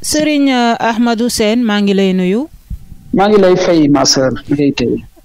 Serigne euh, Ahmadou Sène maa ngi lay nuyu. maa ngi lay fay ma sœur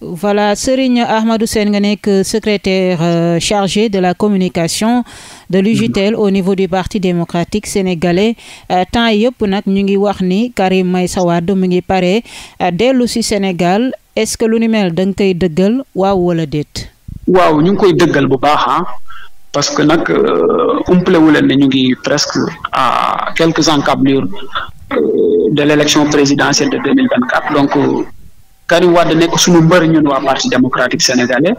voilà Serigne Ahmadou Sène nga nekk euh, secrétaire euh, chargé de la communication de lu l'UJTL mm-hmm. au niveau du parti démocratique sénégalais euh, temps yëpp nag ñu ngi wax ni Karim may Wade mu ngi pare euh, dellu ci Sénégal est-ce que lu ni mel da koy dëggal waaw wala déet. waaw ñu ngi koy dëggal bu baax ah parce que nag umpale wu ñu ngi presque à quelques encablures de l' élection présidentielle de deux mille vingt quatre donc euh, Karim Wade nekk suñu mbër ñun waa parti démocratique sénégalais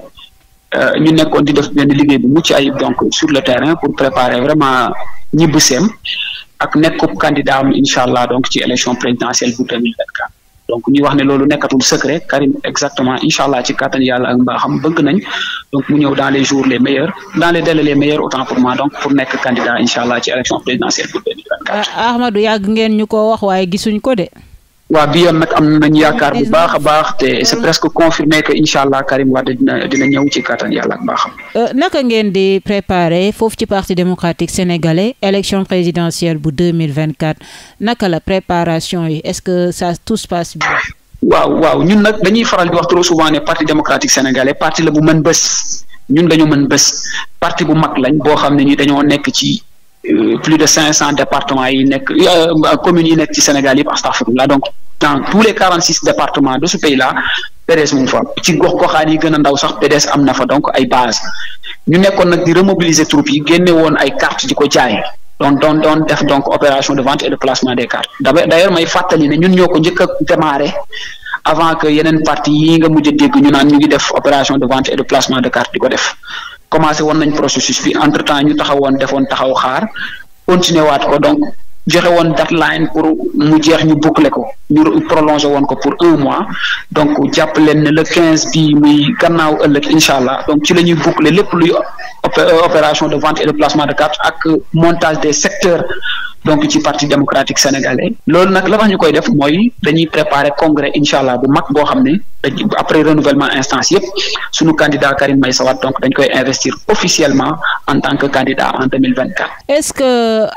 euh, ñu nekkoon di def benn liggéey bu mucc ayib donc sur le terrain pour préparer vraiment ñibbu seem ak nekkub candidat am incha allah donc ci élection présidentielle bu deux mille vingt quatre donc ñuy wax ne loolu nekkatul secret Karim exactement incha allah ci kattan yàlla ak mbaaxam bëgg nañ donc mu ñëw dans les jours les meilleurs dans les Ah, Ahmadou yàgg ngeen ñu ko wax waaye gisuñ ko de. waa bi yoon nag am na ñu yaakaar bu baax a baax te c'est presque confirmé que incha allah Karim waa dina dina ñëw ci kattan yàlla ak baaxam. Euh, naka ngeen di préparer foofu ci parti démocratique sénégalais élection présidentielle bu deux mille vingt quatre naka la préparation yi est-ce que ça tout se passe bien. waaw waaw ñun nag dañuy faral di wax trop souvent ne parti démocratique sénégalais parti la bu mën bés ñun dañoo mën bés parti bu mag lañ boo xam ne ñu dañoo nekk ci. Euh, plus de cinq cent départements yi nekk euh, euh, commune yi nekk ci Sénégal yëpp astafurlah donc dans tous les quarante département départements de ce pays là PDS mu ngi fa ci gox goxaan yi gën a ndaw sax PDS am na fa donc ay base ñu nekkoon nag di remobiliser troupes yi génne woon ay cartes di ko jaay donc doon doon def donc opération de vente et de placement des cartes d'ailleurs may fàttali ne ñun ñoo ko njëkk a démarrer avant que yeneen parti yi nga mujj dégg ñu naan ñu ngi def opération de vente et de placement de cartes def commencé woon nañ processus bi entre temps ñu taxawoon defoon taxaw xaar continuer waat ko donc joxe woon deadline pour mu jeex ñu boucler ko ñu prolongé woon ko pour un mois donc jàpp leen ne le quinze bi muy gannaaw ëllëg incha allah donc ci la ñuy boucler lépp luy euh, opération de vente et de placement de carte ak montage des secteurs donc ci parti démocratique sénégalais loolu nag la tax ñu koy def mooy dañuy préparer congrès incha allah bu mag boo xam ne après renouvellement instance yëpp suñu candidat Karim Meïssa Wade donc dañ koy investir officiellement en tant que candidat en deux mille vingt quatre. est ce que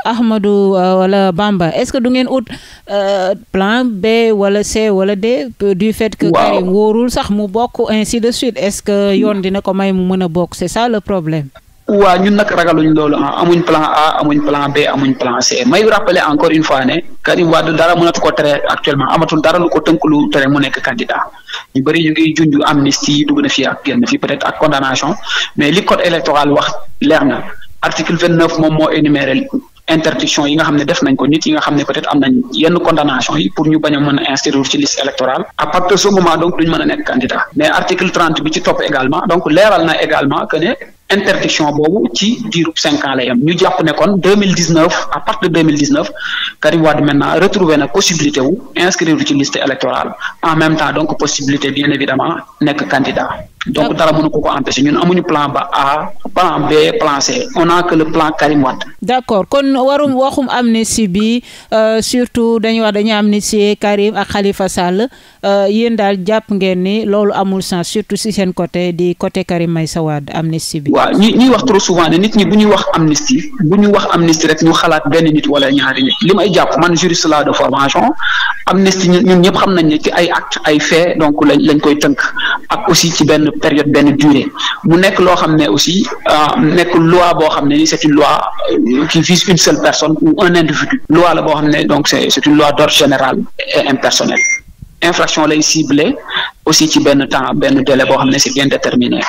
Ahmadou euh, wala Bamba est ce que du ngeen ut euh, plan B wala C wala D. du fait que Karim wóorul sax mu bokk ainsi de suite est ce que yoon dina ko may mu mën a bokk c'est ça le problème. waa ñun nag ragaluñ loolu ah, amuñ plan A amuñ plan B amuñ plan C may rappeler encore une fois ne Karim Wade dara mënatu ko tere actuellement amatul dara lu ko tënk lu tere mu nekk candidat ñu bëri ñu ngi junj amnistie dugg na fi ak génn fi peut-être ak condamnation mais li code électoral wax leer na article vingt neuf moom interdiction yi nga xam ne def nañ ko nit yi nga xam ne peut-être am nañ yenn condamnation yi pour ñu bañ a mën a inscrire ci a nekk candidat mais article trente bi ci interdiction boobu ci diirub cinq ans ñu jàpp ne kon deux mille dix neuf à partir de deux mille dix neuf Karim Wade maintenant retrouvé na possibilité wu inscrire ci liste électorale en même temps donc possibilité bien évidemment nekk candidat donc dara mënu ko ko empêcher ñun amuñu plan ba A plan B plan C on a que le plan Karim Wade. d' accord kon warum waxum si bi euh, surtout dañuy wax dañuy si Karim ak Khalifa Sall euh, yéen daal jàpp ngeen ni loolu amul sens surtout si seen côté di côté Karim Meïssa Wade amnistie bi. waaw ñuy ñuy wax trop souvent ne nit ñi bu ñuy wax amnistie bu ñu wax amnistie rek ñu xalaat benn nit wala ñaari nit li may jàpp man juriste la de formation amnistie ñun ñëpp xam nañ ni ci ay acte ay fait donc lañ lañ koy tënk ak aussi ci benn période benn durer mu nekk loo xam ne aussi euh, nekk loi boo xam ne ni c'est une loi euh, qui vise une seule personne ou un individu loi la boo xam ne donc c'est c'est une loi d'ordre général et impersonnelle infraction lay ciblé aussi ci benn temps benn délai boo xam ne c'est bien déterminé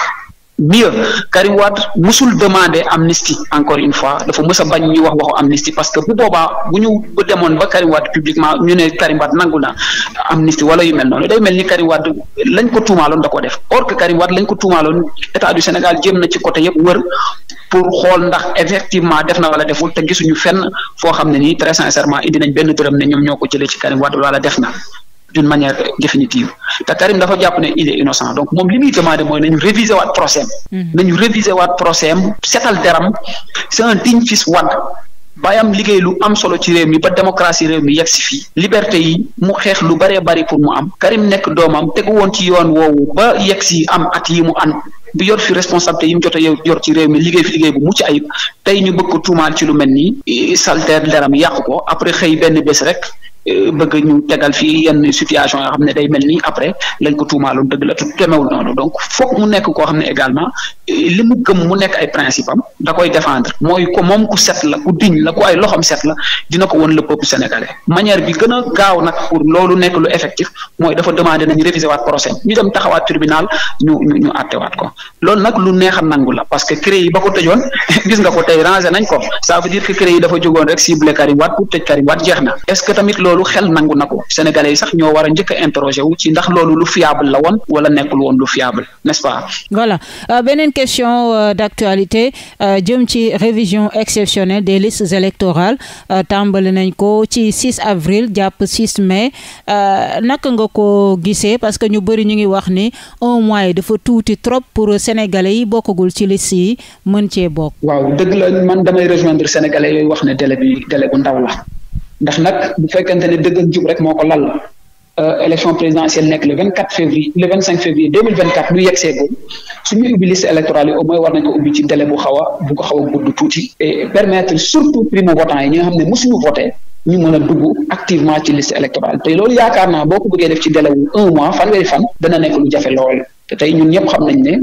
mieux Karim Wade musul demander amnistie encore une fois dafa mës a bañ ñu wax waxu amnistie parce que bu boobaa bu ñu bu demoon ba Karim Wade publiquement ñu ne Karim Wade nangu na amnistie wala yu mel noonu day mel ni Karim lañ ko tuumaaloon da ko def or que Karim lañ ko tuumaaloon état du Sénégal jëm na ci côté yëpp wër pour xool ndax effectivement def na wala deful te gisuñu fenn foo xam ne nii très sincèrement indi nañ benn dërëm ne ñoom ñoo ko jëlee ci Karim Wade wala def na d'une manière définitive te Karim dafa jàpp ne il est innocent donc moom li muy demandé mooy nañu réviser waat procès am hmm. nañu réviser waat procès am setal deram c'est un digne fils Wade baayam liggéey lu am solo ci réew mi ba démocratie réew mi yegg si fii liberté yi mu xeex lu bëree bari pour mu am Karim nekk doomam tegu woon ci yoon woowu ba yegg si am at yi mu an bi yor fi responsabilité yi mu jote a yor ci réew mi liggéey fi liggéey bu mu ci ayib tey ñu bëgg ko tuumaal ci lu mel nii salter deram yàq ko après xëy benn bés rek Euh, bëgg ñu tegal fii yenn situation yoo xam ne day mel ni après lañ ko tuumaaloon dëgg la te demewul noonu donc foog mu nekk koo xam ne également euh, li mu gëm mu nekk ay principe am da koy défendre mooy ko moom ku set la ku diñ la ku ay loxoom set la dina ko won le peuple sénégalais manière bi gën a gaaw nag pour loolu nekk lu effectif mooy dafa demander nañ réviser waat procès ñu dem taxawaat tribunal ñu ñu ñu waat ko loolu nag lu neex a nangu la parce que CREI yi ba ko tëjoon gis nga ko tey rangé ko ça veut dire dafa jógoon rek ciblé Karim Wade pour tëj Karim Wade jeex loolu xel nangu na ko sénégalais yi sax ñoo war a njëkk a wu ci ndax loolu lu fiable la woon wala nekkul woon lu fiable n'est-ce pas. voilà euh, beneen question euh, d'actualité euh, jëm ci révision exceptionnelle des listes électorales tàmbali nañ ko ci 6 avril jàpp 6 mai naka nga ko gisee parce que ñu bëri ñu ngi wax ni un mois yi dafa tuuti trop pour sénégalais yi bokkagul ci liste yi mën cee bokk. waaw dëgg la man damay rejoindre sénégalais yooyu wax ne délai bi délai bu ndaw la. ndax nag bu fekkente ne dëgg jub rek moo ko lal euh, élection présidentielle nekk le vingt quatre février le vingt cinq février deux mille seegul su ñuy ubbi liste électorale yi au moins war nañ ko ubbi ci délai bu xaw a bu ko xaw gudd tuuti et permettre surtout primo votant yi ñi nga xam ne mosuñu voté ñu mën a dugg activement ci liste électorale te loolu yaakaar naa boo ko bëggee def ci délai wu un mois fanweeri fan dana nekk lu jafe lool tey ñun ñëpp xam nañ ne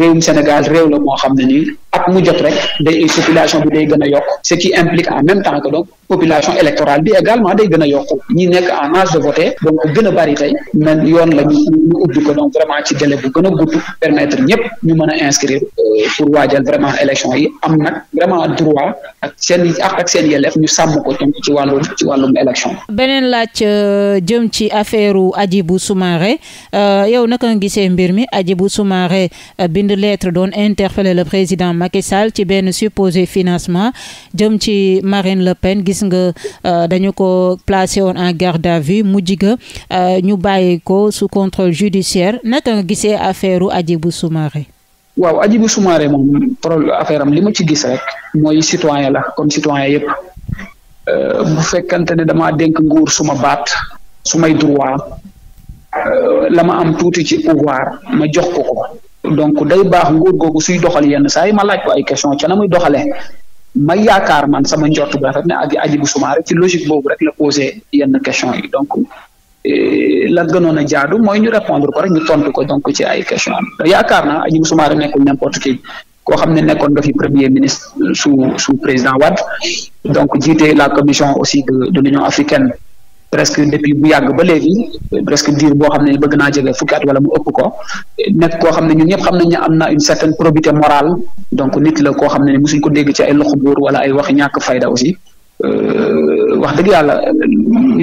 réewum Sénégal réew moo xam ne nii at mu jot rek day population bi day gën a yokk ce qui implique en même temps que donc population électorale bi gën a yokku ñi nekk en âge de voter donc gën a bari tey même yoon la ñu ñu ubbi ko donc vraiment ci délai bu gën a gudd permettre ñëpp ñu mën a inscrire euh, pour waajal vraiment élection yi am nag vraiment droit ak seen ak ñu sàmm ko ci wàllum ci wàllum élection. beneen laaj euh, jëm ci affaire Hadjibou Soumaré euh, yow naka gisee mbir mi Hadjibou Soumaré bind lettre doon interpeller le président. Macky Sall ci benn supposé financement jëm ci Marine Le Pen gis nga euh, dañu ko placé woon en garde à vue mujj ga euh, ñu bàyyi ko sous contrôle judiciaire naka nga gisee affaire u Hadjibou Soumaré waaw Hadjibou Soumaré moom problème affaire am li ma ci gis rek mooy citoyen la kon citoyen yëpp euh, bu fekkante ne damaa dénk nguur suma baat sumay droit la am tuuti ci pouvoir ma jox ko donc day baax nguur googu suy doxal yenn saa yi ma laaj ko ay question ca na muy doxalee ma yaakaar man sama njort bu rafet ne ak Hadjibou Soumaré ci logique boobu rek la posé yenn question yi donc eh, la gënoon a jaadu mooy ñu répondre ko rek ñu tontu ko donc ci ay question am yaakaar naa Hadjibou Soumaré nekkul n'importe qui koo xam ne nekkoon nga fi premier ministre sous su président Wade donc jiite la commission aussi de de l'Union africaine presque depuis bu yàgg ba léegi presque diir boo xam ne bëgg naa jege fukki at wala mu ëpp ko nekk koo xam ne ñun ñëpp xam nañ ne am na une certaine probité morale donc nit la koo xam ne suñ ko dégg ci ay loxo buur wala ay wax ñàkk fayda aussi euh, wax dëgg yàlla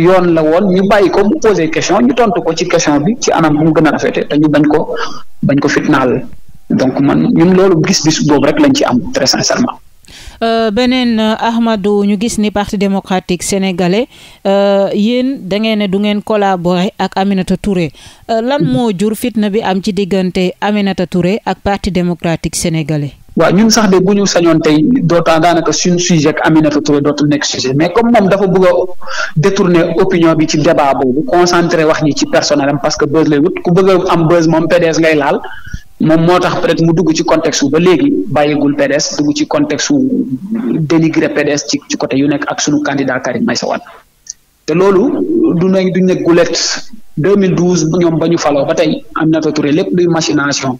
yoon la woon ñu bàyyi ko mu posé question ñu tontu ko ci question bi ci anam bu mu gën a rafete te ñu bañ ko bañ ko fitnaal donc man ñun loolu gis-gis boobu rek lañ ci am très sincèrement. Euh, beneen euh, Ahmadou ñu gis ni parti démocratique sénégalais euh, yéen da ngeen ne du ngeen collaborer ak Aminata Touré lan moo jur fitna bi am ci diggante Aminata Touré ak parti démocratique sénégalais. waaw ñun sax de bu ñu sañoon tey dootaan daanaka suñu sujet ak Aminata Touré dootul nekk sujet mais comme moom dafa bëgg a détourner opinion bi ci débat boobu concentré wax ñi ci personnel parce que buzz lay wut ku bëgg am buzz moom PDS ngay laal. moom moo tax peut-être mu dugg ci contexte ba léegi bàyyigul PDS dugg ci contexte dénigré PDS ci ci côté yu nekk ak sunu candidat Karim Meïssa Wade te loolu du nañ du nekk gulet 2012 ñoom ba ñu faloo ba tey na Touré lépp luy machination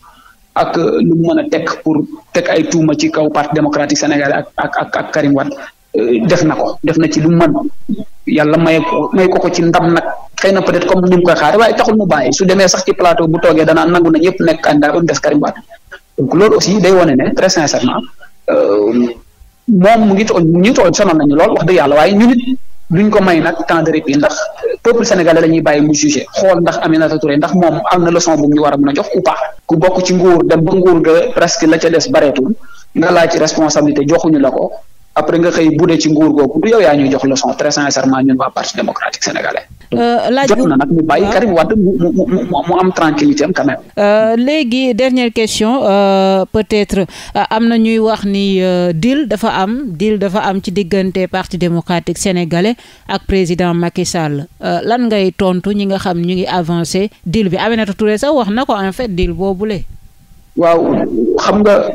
ak lu mu mën a teg pour tek ay tuuma ci kaw parti démocratique sénégalais ak ak ak ak Karim Wade euh, def na ko def na ci lu mu mën may ko may ko ko ci ndam nag xëy na peut être comme ni mu koy xaare waaye taxul mu bàyyi su demee sax ci plateau bu toogee danaa nangu na ñëpp nekk candidat ba mu des Karim Wade donc loolu aussi day wane ne très sincèrement euh, moom mu ngi tooñ mu ngi tooñ sonal nañu lool wax dëgg yàlla waaye ñu it duñ ko may nag temps de répit ndax peuple sénégalais la bàyyi mu jugé xool ndax Aminata yi ndax moom am na leçon bu mu ñu wara a mën a jox ou pas ku bokk ci nguur dem ba nguur ga presque la ca des bareetul nga laaj ci responsabilité joxuñu la ko après nga xëy bu dee ci nguur googu du yow yaa ñuy jox leçon très sincèrement ñun waa parti démocratique sénégalais. Euh, jot na nag mu bàyyi ah. Karim Wade mu mu mu mu am am quand même. Euh, léegi dernière question euh, peut-être euh, am na ñuy wax ni deal dafa am deal dafa am ci diggante parti démocratique sénégalais ak président Macky Sall lan ngay tontu ñi nga xam ñu ngi avancé deal bi Aminata Touré sax wax na ko en fait deal boobule. waaw xam nga.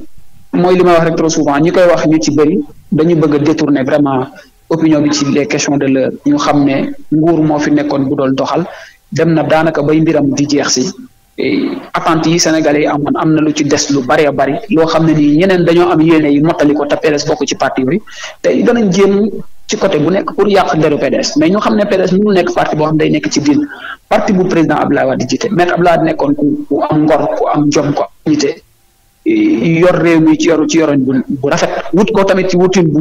mooy li may wax rek trop souvent ñi koy wax ñu ci bëri dañu bëgg a détourner vraiment opinion bi ci les question de l'heure ñu xam ne nguur moo fi nekkoon bu dool doxal dem na daanaka bay mbiram di jeex si attentes yi Sénégalais yi amoon am na lu ci des lu bari bari loo xam ne nii ñeneen dañoo am yéene yi mottali ko te PDS bokk ci parti bi te danañ jéem ci côté bu nekk pour yàq deru PDS mais ñu xam ne PDS mënul nekk parti boo xam day nekk ci diin parti bu président Abdoulaye Wade jiite maître Abdoulaye Wade nekkoon ku ku am ngor ku am jom ko am yor réew mi ci yoru ci yorin bu bu rafet wut ko tamit ci wutin bu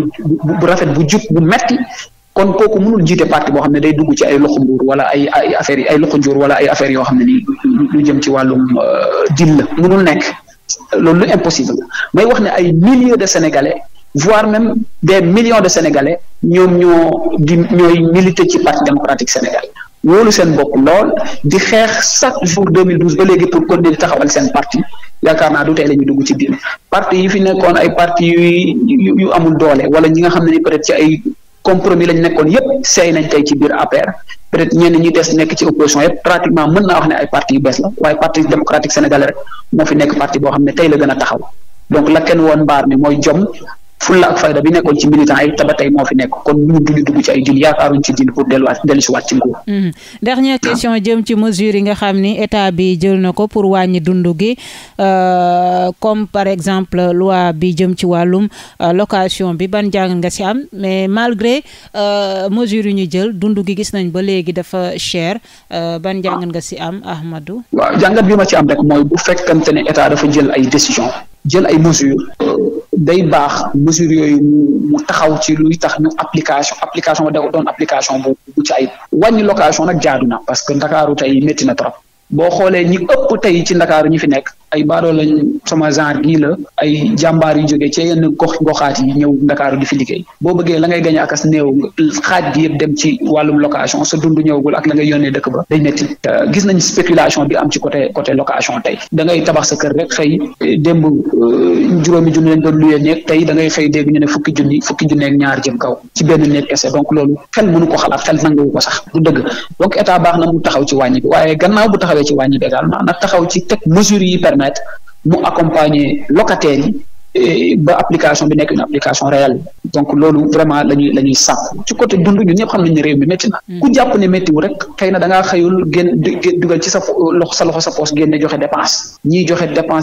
bu rafet bu jub bu metti kon kooku mënul jiite parti boo xam ne day dugg ci ay loxo mbuur wala ay ay affaire yi wala ay affaire yoo xam ne ni lu jëm ci wàllum euh, dil la mënul nekk loolu lu impossible may wax ne ay milliers de sénégalais voire même des millions de sénégalais ñoom ñoo di ñooy militer ci parti démocratique sénégalais wóolu seen bokk lool di xeex chaque jour 2012 ba léegi pour continuer di taxawal seen parti yaakaar naa du tey la ñu dugg ci diine parti yi fi nekkoon ay parti yu yu amul doole wala ñi nga xam ne ni peut-être ci ay compromis lañ nekkoon yépp seey nañ ci biir APR peut-être ñi des nekk ci opposition yépp pratiquement mën na wax ne ay parti yu bees la waaye parti démocratique sénégalais rek moo fi nekk parti boo xam ne tey la gën a taxaw donc la kenn woon mbaar mi mooy jom fulla ak fayda bi nekkoon ci militant yi te ba tey moo fi nekk kon ñu duñu dugg ci ay dil yaakaaruñ ci dil pour delluwaat dellusiwaat ci nguur. Mm-hmm. dernière question jëm ci mesure yi nga xam ni état bi jël na ko pour wàññi dundu gi euh, comme par exemple loi bi jëm ci wàllum euh, location bi ban jàng nga ci am mais malgré euh, mesure yu ñu jël dund gi gis nañ ba léegi dafa cher ban jàng nga si am Ahmadou. waaw jàngat bi ma ci am rek mooy bu fekkante ne état dafa jël ay décision jël ay mesures. day baax mesures yooyu mu taxaw ci luy tax ñu application application da doon application bu bu ci wàññi location nag jaadu na parce que ndakaaru tey métti na trop boo xoolee ñi ëpp tey ci ndakaaru ñi fi nekk ay baadoo lañ sama genre gii la ay jàmbaar yu jógee ci yenn gox goxaat yi ñëw ndakaaru di fi liggéey boo bëggee la ngay gañ ak as néew xaaj bi yëpp dem ci wàllum location sa dund ñëwagul ak la ngay yónnee dëkk ba day métti gis nañ spéculation bi am ci côté côté location tey da ngay tabax sa kër rek xëy démb euh, juróomi junni lañ doon luyee néeg tey da ngay xëy dégg ñu ne fukki junni fukki junni ñaar jëm kaw ci benn néeg kese donc loolu xel mënu ko xalaat xel nangawu ko sax du dëgg donc état baax na mu taxaw ci wàññi waaye gannaaw bu taxawee ci wàññi bi également taxaw ci teg mesures yi permettre permettre mu accompagner locataires yi eh, ba application bi nekk une application réelle donc loolu vraiment la ñuy la ñuy ci côté dund ñun ñëpp xam nañ ne réew mi métti na. Hmm. ku jàpp ne méttiwul rek xëy na da ngaa xëyul génn dugal ci sa loxo sa loxo sa poos génne joxe dépense ñiy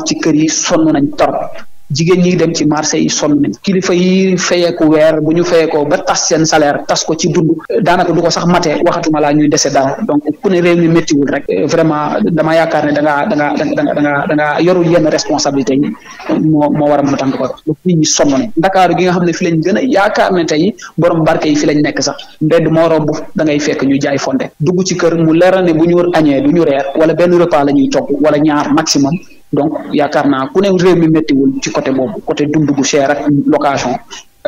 ci kër yi sonn nañ torop jigéen ñi dem ci marché yi sonn nañ kilifa yi fayeeku weer bu ñu fayeekoo ba tas seen salaire tas ko ci dund daanaka du ko sax mate waxatuma laa ñuy dese dara donc ku ne réew mi méttiwul rek vraiment dama yaakaar ne da ngaa da ngaa da yorul yenn responsabilité yi moo moo war a mën a ko donc nit ñi sonn ndakaaru gi nga xam ne fi lañ gën a yaakaar ne tey borom barke yi fi lañ nekk sax mbedd moo romb da ngay fekk ñu jaay fonde dugg ci kër mu leeral ne bu ñu añee du ñu reer wala benn repas la ñuy togg wala ñaar maximum donc yaakaar naa ku ne réew mi méttiwul ci côté boobu côté dund gu cher ak location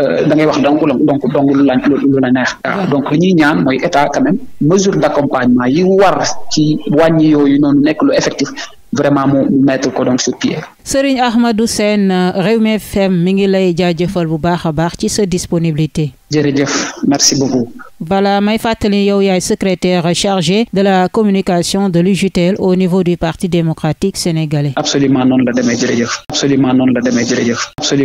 euh, da ngay wax donc donc donc lu la lu la neex. waaw ah, donc li ñuy ñaan mooy état quand même mesure d' accompagnement yi war ci wàññi yooyu noonu nekk lu effectif. vraiment mu mettre ko donc sur pied. Serigne Ahmadou Sène euh, mi ngi lay jaajëfal bu baax a baax ci sa disponibilité. jërëjëf merci beaucoup. voilà may fàttali yow yaay secrétaire chargé de la communication de l'UJTL au niveau du parti démocratique sénégalais. absolument noonu la demee la demee jërëjëf. absolument.